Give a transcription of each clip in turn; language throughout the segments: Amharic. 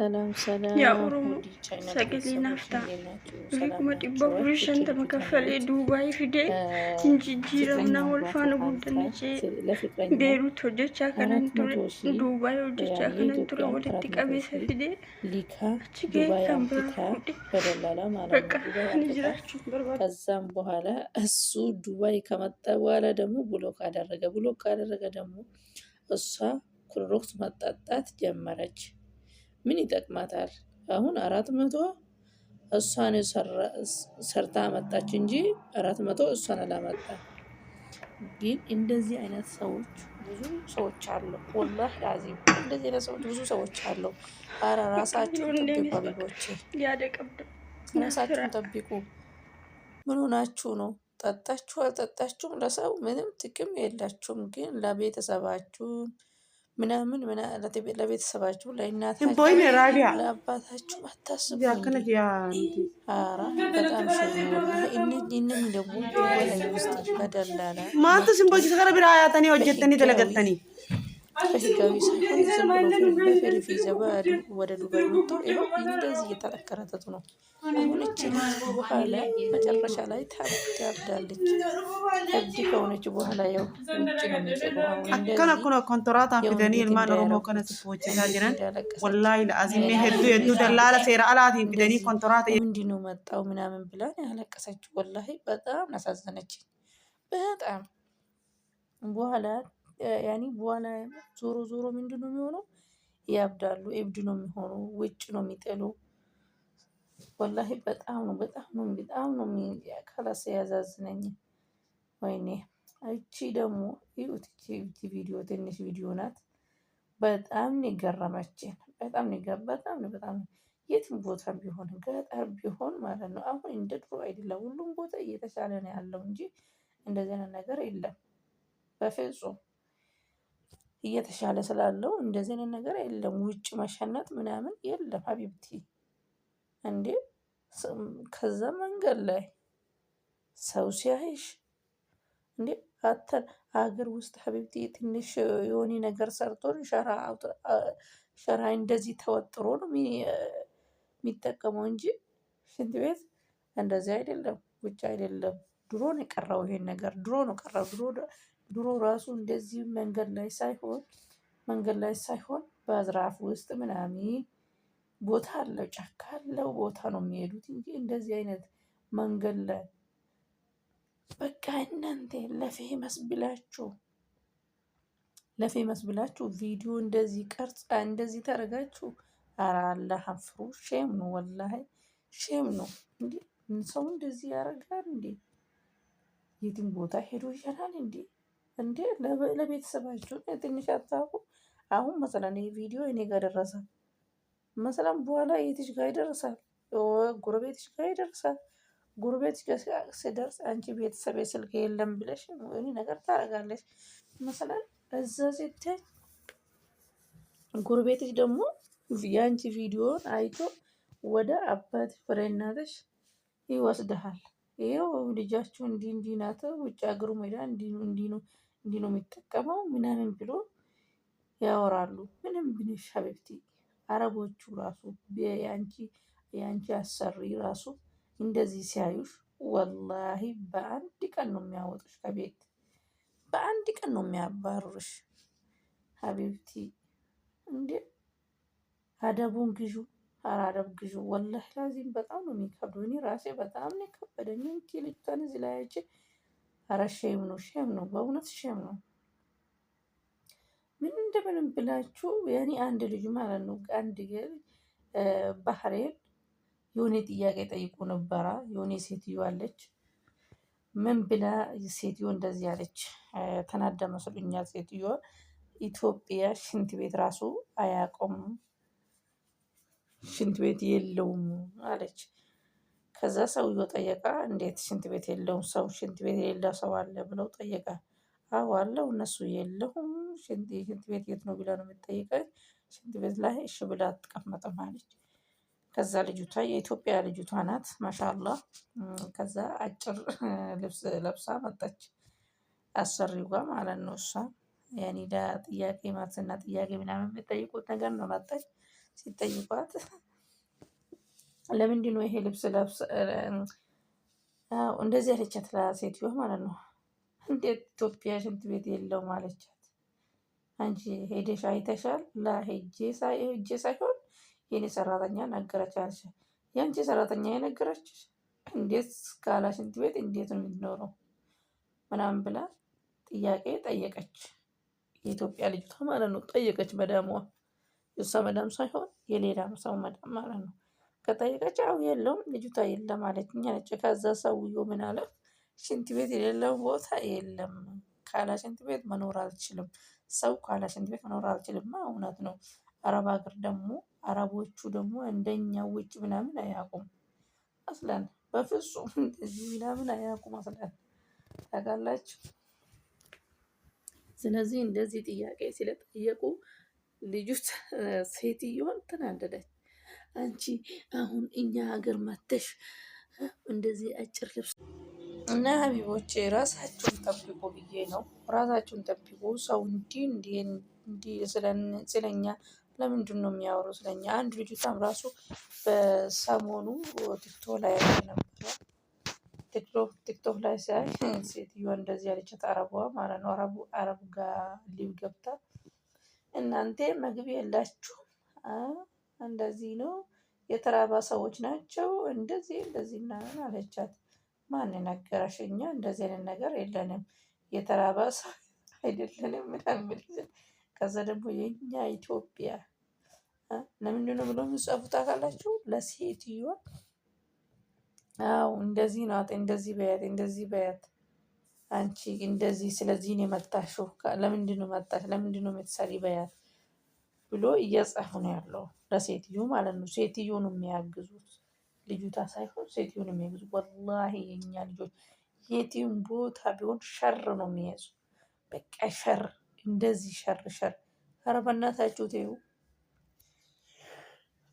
ሰላም ሰላም የኦሮሞ ሰገሌ ናፍታ ሪቁመ ጢቦ ቡሪ ሸንተ መከፈሌ ዱባይ ፊዴ እንጂጂረምና ወልፋን ጉደነቼ ቤሩት ሆጀቻ ከነን ዱባይ ሆጀቻ ከነን ture ቀቤሰ ፊዴ ችጌ በቃ ንጅራችሁ ከዛም በኋላ እሱ ዱባይ ከመጣ በኋላ ደግሞ ብሎክ አደረገ። ብሎክ አደረገ ደግሞ እሷ ኩሮክስ መጠጣት ጀመረች። ምን ይጠቅማታል? አሁን አራት መቶ እሷን ሰርታ መጣች እንጂ አራት መቶ እሷን አላመጣ። ግን እንደዚህ አይነት ሰዎች ብዙ ሰዎች አሉ። ወላህ ላዚም እንደዚህ አይነት ሰዎች ብዙ ሰዎች አለው። አረ ራሳችሁን ጠብቁ አቢቦቼ፣ ራሳችሁን ጠብቁ። ምን ሆናችሁ ነው? ጠጣችሁ አልጠጣችሁም ለሰው ምንም ጥቅም የላችሁም። ግን ለቤተሰባችሁን ምናምን ለቤተሰባችሁ ለእናታችሁ ለአባታችሁ አታስቡ። ኢንም ደግሞ ውስጥ በደላላ ያተኔ ወጀተኒ ተለገተኒ በህጋዊ ሳይሆን ዝም ብሎ በፍሪ ቪዛ ወደ ዱባይ መጥቶ ይኸው እንደዚህ እየተጠከረተቱ ነው። አሁን እቺ በኋላ መጨረሻ ላይ ታብዳለች። እብድ ከሆነች በኋላ ያው ውጭ ነው የሚገባው። ምንድነው መጣው ምናምን ብላን ያለቀሰች። ወላሂ በጣም አሳዘነች። በጣም በኋላ ያኔ በኋላ ዞሮ ዞሮ ምንድን ነው የሚሆነው? ያብዳሉ። እብድ ነው የሚሆኑ፣ ውጭ ነው የሚጥሉ። ወላሂ በጣም ነው በጣም ነው በጣም ነው ከላስ ያዛዝነኝ። ወይኔ እቺ ደግሞ ይሁት እቺ ቪዲዮ ትንሽ ቪዲዮ ናት። በጣም ነው የገረመችን። በጣም ነው በጣም ነው በጣም የትም ቦታ ቢሆን ገጠር ቢሆን ማለት ነው አሁን እንደ ድሮ አይደለም። ሁሉም ቦታ እየተሻለ ነው ያለው እንጂ እንደዚህ ነገር የለም በፍጹም። እየተሻለ ስላለው እንደዚህ አይነት ነገር የለም። ውጭ መሸነት ምናምን የለም ሀቢብቲ እንዴ። ከዛ መንገድ ላይ ሰው ሲያይሽ እንዴ አተን አገር ውስጥ ሀቢብቲ ትንሽ የሆኒ ነገር ሰርቶን ሸራ እንደዚህ ተወጥሮ ነው የሚጠቀመው እንጂ ሽንት ቤት እንደዚህ አይደለም፣ ውጭ አይደለም። ድሮ ነው የቀረው ይሄን ነገር ድሮ ነው ቀረው ድሮ ድሮ ራሱ እንደዚህ መንገድ ላይ ሳይሆን መንገድ ላይ ሳይሆን በዝራፍ ውስጥ ምናምን ቦታ አለው ጫካ አለው ቦታ ነው የሚሄዱት እንጂ እንደዚህ አይነት መንገድ ላይ በቃ እናንተ ለፌመስ ብላችሁ ለፌመስ ብላችሁ ቪዲዮ እንደዚህ ቀርጽ እንደዚህ ተረጋችሁ። ኧረ አላህ አፍሩ። ሼም ነው ወላሂ ሼም ነው። እንዴ ሰው እንደዚህ ያደርጋል እንዴ? የትም ቦታ ሄዶ ይላል እንዴ? እንዴ ለቤተሰባችሁ ትንሽ አታውቁ። አሁን መሰለን ይህ ቪዲዮ እኔ ጋር ደረሳል መሰለን፣ በኋላ የትሽ ጋር ይደርሳል፣ ጉረቤትሽ ጋር ይደርሳል። ጉረቤትሽ ጋር ሲደርስ አንቺ ቤተሰብ ስልክ የለም ብለሽ ወይ ነገር ታደርጋለች መሰለን። እዛ ስትይ ጉረቤትሽ ደግሞ የአንቺ ቪዲዮን አይቶ ወደ አባት ፍሬናተሽ እናትሽ ይወስድሃል። ይኸው ልጃችሁ እንዲህ እንዲህ ናት፣ ውጭ ሀገሩ ሜዳ እንዲህ ነው እንዲህ ነው እንዲህ ነው የሚጠቀመው ምናምን ብሎ ያወራሉ። ምንም ብንሽ ሀቢብቲ አረቦቹ ራሱ የአንቺ የአንቺ አሰሪ ራሱ እንደዚህ ሲያዩሽ ወላሂ በአንድ ቀን ነው የሚያወጡሽ ከቤት በአንድ ቀን ነው የሚያባሩሽ። ሀቢብቲ እንዴ አደቡን ግዢ፣ ኧረ አደብ ግዢ። ወላሂ ላዚም በጣም ነው የሚከብደው። እኔ ራሴ በጣም ነው የከበደኝ። ልጅቷን እዚህ ላይ አይቼ ኧረ ሼም ነው ሼም ነው፣ በእውነት ሼም ነው። ምን እንደምንም ብላችሁ ያኔ አንድ ልጅ ማለት ነው አንድ ባህሬን የሆነ ጥያቄ ጠይቁ ነበረ። የሆነ ሴትዮ አለች። ምን ብላ ሴትዮ እንደዚህ አለች፣ ተናዳ መስሎኛል። ሴትዮ ኢትዮጵያ ሽንት ቤት ራሱ አያቆም ሽንት ቤት የለውም አለች። ከዛ ሰውየው ጠየቃ፣ እንዴት ሽንት ቤት የለውም ሰው ሽንት ቤት የሌላ ሰው አለ ብለው ጠየቀ። አዎ አለው፣ እነሱ የለሁም ሽንት ቤት የት ነው ብላ ነው የምትጠይቀኝ። ሽንት ቤት ላይ እሺ ብላ አትቀመጥም አለች። ከዛ ልጅቷ የኢትዮጵያ ልጅቷ ናት ማሻላ። ከዛ አጭር ልብስ ለብሳ መጣች፣ አሰሪው ጋር ማለት ነው። እሷ ያኔ ለጥያቄ ጥያቄ ማትና ጥያቄ ምናምን የሚጠይቁት ነገር ነው መጣች ሲጠይቋት ለምንድን ነው ይሄ ልብስ ለብስ እንደዚህ አለቻት፣ ለሴትዮ ማለት ነው። እንዴት ኢትዮጵያ ሽንት ቤት የለውም አለቻት። አንቺ ሄደሽ አይተሻል? ላሄጄ ሳይሆን የኔ ሰራተኛ ነገረች አለች። የአንቺ ሰራተኛ የነገረች እንዴት ካላ ሽንት ቤት እንዴት ነው የሚኖረው ምናምን ብላ ጥያቄ ጠየቀች። የኢትዮጵያ ልጅቷ ማለት ነው ጠየቀች። መዳሟ የእሷ መዳም ሳይሆን የሌላ ሰው መዳም ማለት ነው። ከጠየቀች አው የለውም ልጅቷ የለም አለች። እኛ ነጭ ከዛ ሰውዬው ምን አለ ሽንት ቤት የሌለው ቦታ የለም ካላ ሽንት ቤት መኖር አልችልም። ሰው ካላ ሽንት ቤት መኖር አልችልም። እውነት ነው። አረብ ሀገር ደግሞ አረቦቹ ደግሞ እንደኛ ውጭ ምናምን አያውቁም አስለን በፍጹም እንደዚህ ምናምን አያውቁም አስለን ታውቃላችሁ። ስለዚህ እንደዚህ ጥያቄ ስለጠየቁ ልጁ ሴትዮዋን ተናደደች። አንቺ አሁን እኛ ሀገር መተሽ እንደዚህ አጭር ልብስ እና ሀቢቦቼ ራሳችሁን ጠብቁ ብዬ ነው። ራሳችሁን ጠብቁ። ሰው እንዲህ እንዲህ ስለኛ ለምንድን ነው የሚያወሩ ስለኛ? አንድ ልጅቷም ራሱ በሰሞኑ ቲክቶ ላይ ነበረ። ቲክቶክ ላይ ሳይ ሴትዮ እንደዚህ ያለቻት አረቧ ማለት ነው። አረቡ ጋር ሊብ ገብታ እናንተ ምግብ የላችሁም እንደዚህ ነው የተራባ ሰዎች ናቸው እንደዚህ እንደዚህ ምናምን አለቻት። ማን ነገረሽ? እኛ እንደዚህ አይነት ነገር የለንም የተራባ ሰው አይደለንም ምናምን። ከዛ ደግሞ የኛ ኢትዮጵያ ለምንድን ነው ብሎ ምጽፉት አካላችሁ ለሴትዮዋ አው እንደዚህ ናት፣ እንደዚህ በያት፣ እንደዚህ በያት አንቺ እንደዚህ ስለዚህ ነው የመጣሽው፣ ለምንድን ነው መጣሽ፣ ለምንድን ነው የምትሰሪ በያት ብሎ እያጻፉ ነው ያለው። ለሴትዮ ማለት ነው። ሴትዮን የሚያግዙት ልዩታ ሳይሆን ሴትዮን የሚያግዙ ወላሂ የኛ ልጆች የትም ቦታ ቢሆን ሸር ነው የሚያዙ። በቃ ሸር እንደዚህ ሸር ሸር። ኧረ በእናታችሁ ተይው።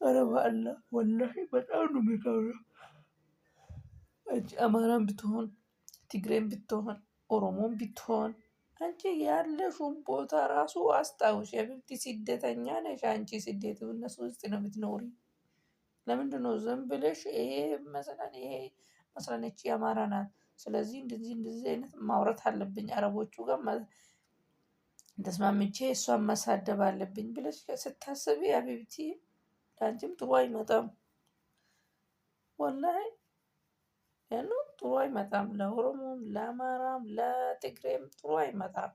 ኧረ በአላህ ወላሂ በጣም ነው የሚከብደው። አማራን ብትሆን ትግሬም ብትሆን ኦሮሞን ብትሆን አንቺ ያለሽውን ቦታ ራሱ አስታውሽ። የብብት ስደተኛ ነሽ አንቺ። ስደት እነሱ ውስጥ ነው የምትኖሪ። ለምንድን ነው ዝም ብለሽ ይሄ መሰለን ይሄ መስለነች የአማራ ናት። ስለዚህ እንደዚህ እንደዚህ አይነት ማውረት አለብኝ አረቦቹ ጋር ተስማምቼ እሷን ማሳደብ አለብኝ ብለሽ ስታስቢ አቢብቲ ለአንቺም ጥሩ አይመጣም ወላይ ያሉ ጥሩ አይመጣም። ለኦሮሞም፣ ለአማራም፣ ለትግሬም ጥሩ አይመጣም።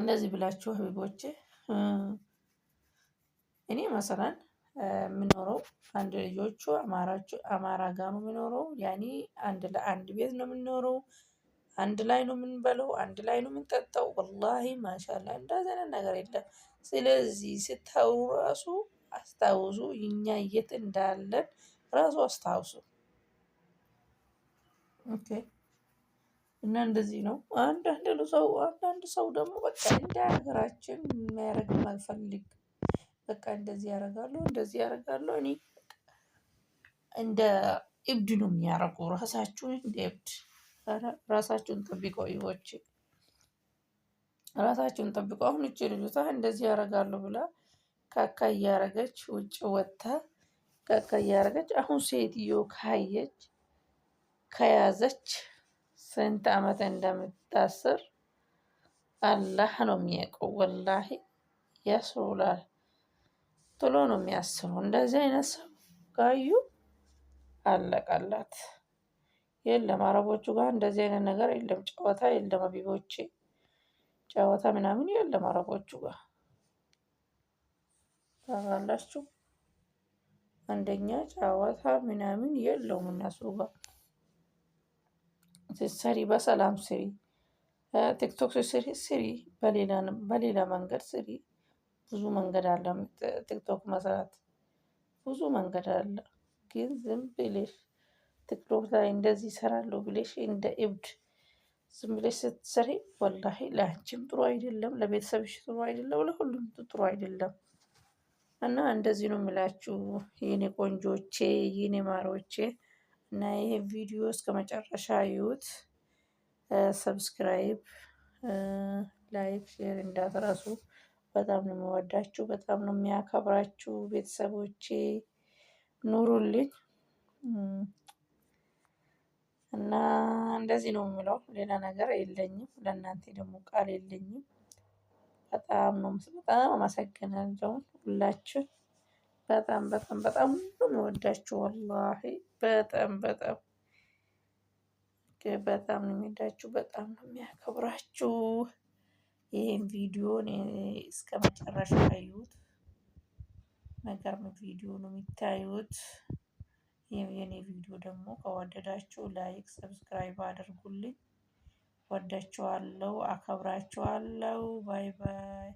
እንደዚህ ብላችሁ ህቢቦቼ እኔ መሰለን የምኖረው አንድ ልጆቹ አማራ ጋር ነው የምኖረው። ያኔ አንድ ለአንድ ቤት ነው የምኖረው። አንድ ላይ ነው የምንበለው፣ አንድ ላይ ነው የምንጠጣው። ወላሂ ማሻላ እንደዚህ አይነት ነገር የለም። ስለዚህ ስታውሩ ራሱ አስታውሱ እኛ የት እንዳለን ራሱ አስታውሱ። ኦኬ። እና እንደዚህ ነው። አንዳንድ ሰው አንዳንድ ሰው ደግሞ በቃ እንደ ሀገራችን የሚያደርግ አልፈልግ በቃ እንደዚህ ያደርጋሉ፣ እንደዚህ ያደርጋሉ። እኔ እንደ እብድ ነው የሚያደርጉ ራሳችሁን እንደ እብድ ራሳችሁን ጠብቆ ይዎች ራሳችሁን ጠብቆ አሁን እች ልጅቷ እንደዚህ ያደርጋሉ ብላ ካካ እያደረገች ውጭ ወጥታ ቀቀ እያደረገች አሁን ሴትዮ ካየች ከያዘች ስንት ዓመት እንደምታስር አላህ ነው የሚያውቀው። ወላሂ ያስሩላል። ቶሎ ነው የሚያስሩ። እንደዚህ አይነት ሰው ካዩ አለቀላት። የለም አረቦቹ ጋር እንደዚህ አይነት ነገር የለም፣ ጨዋታ የለም። አቢቦቼ ጨዋታ ምናምን የለም አረቦቹ ጋር ታውቃላችሁ። አንደኛ ጨዋታ ምናምን የለውም እነሱ ጋር ስሪ በሰላም ስሪ ቲክቶክ ስሪ ስሪ በሌላ መንገድ ስሪ ብዙ መንገድ አለ ቲክቶክ መስራት ብዙ መንገድ አለ ግን ዝም ብለሽ ቲክቶክ ላይ እንደዚህ ይሰራለሁ ብለሽ እንደ እብድ ዝም ብለሽ ስትሰሪ ወላሂ ለአንቺም ጥሩ አይደለም ለቤተሰብሽ ጥሩ አይደለም ለሁሉም ጥሩ አይደለም እና እንደዚህ ነው የምላችሁ የኔ ቆንጆቼ የኔ ማሮቼ። እና ይህ ቪዲዮ እስከ መጨረሻ ይዩት። ሰብስክራይብ፣ ላይክ፣ ሼር እንዳትረሱ። በጣም ነው የሚወዳችሁ፣ በጣም ነው የሚያከብራችሁ ቤተሰቦቼ። ኑሩልኝ እና እንደዚህ ነው የምለው። ሌላ ነገር የለኝም። ለእናንተ ደግሞ ቃል የለኝም። በጣም ነው በጣም አመሰግናለሁ። ሁላችሁ በጣም በጣም በጣም ሁሉም ወዳችሁ ወላሂ በጣም በጣም በጣም ነው የሚወዳችሁ በጣም ነው የሚያከብራችሁ። ይህን ቪዲዮ እስከ መጨረሻ አዩት። መገርም ቪዲዮ ነው የሚታዩት። የኔ ቪዲዮ ደግሞ ከወደዳችሁ ላይክ፣ ሰብስክራይብ አድርጉልኝ። ወዳችኋለሁ፣ አከብራችኋለሁ። ባይ ባይ።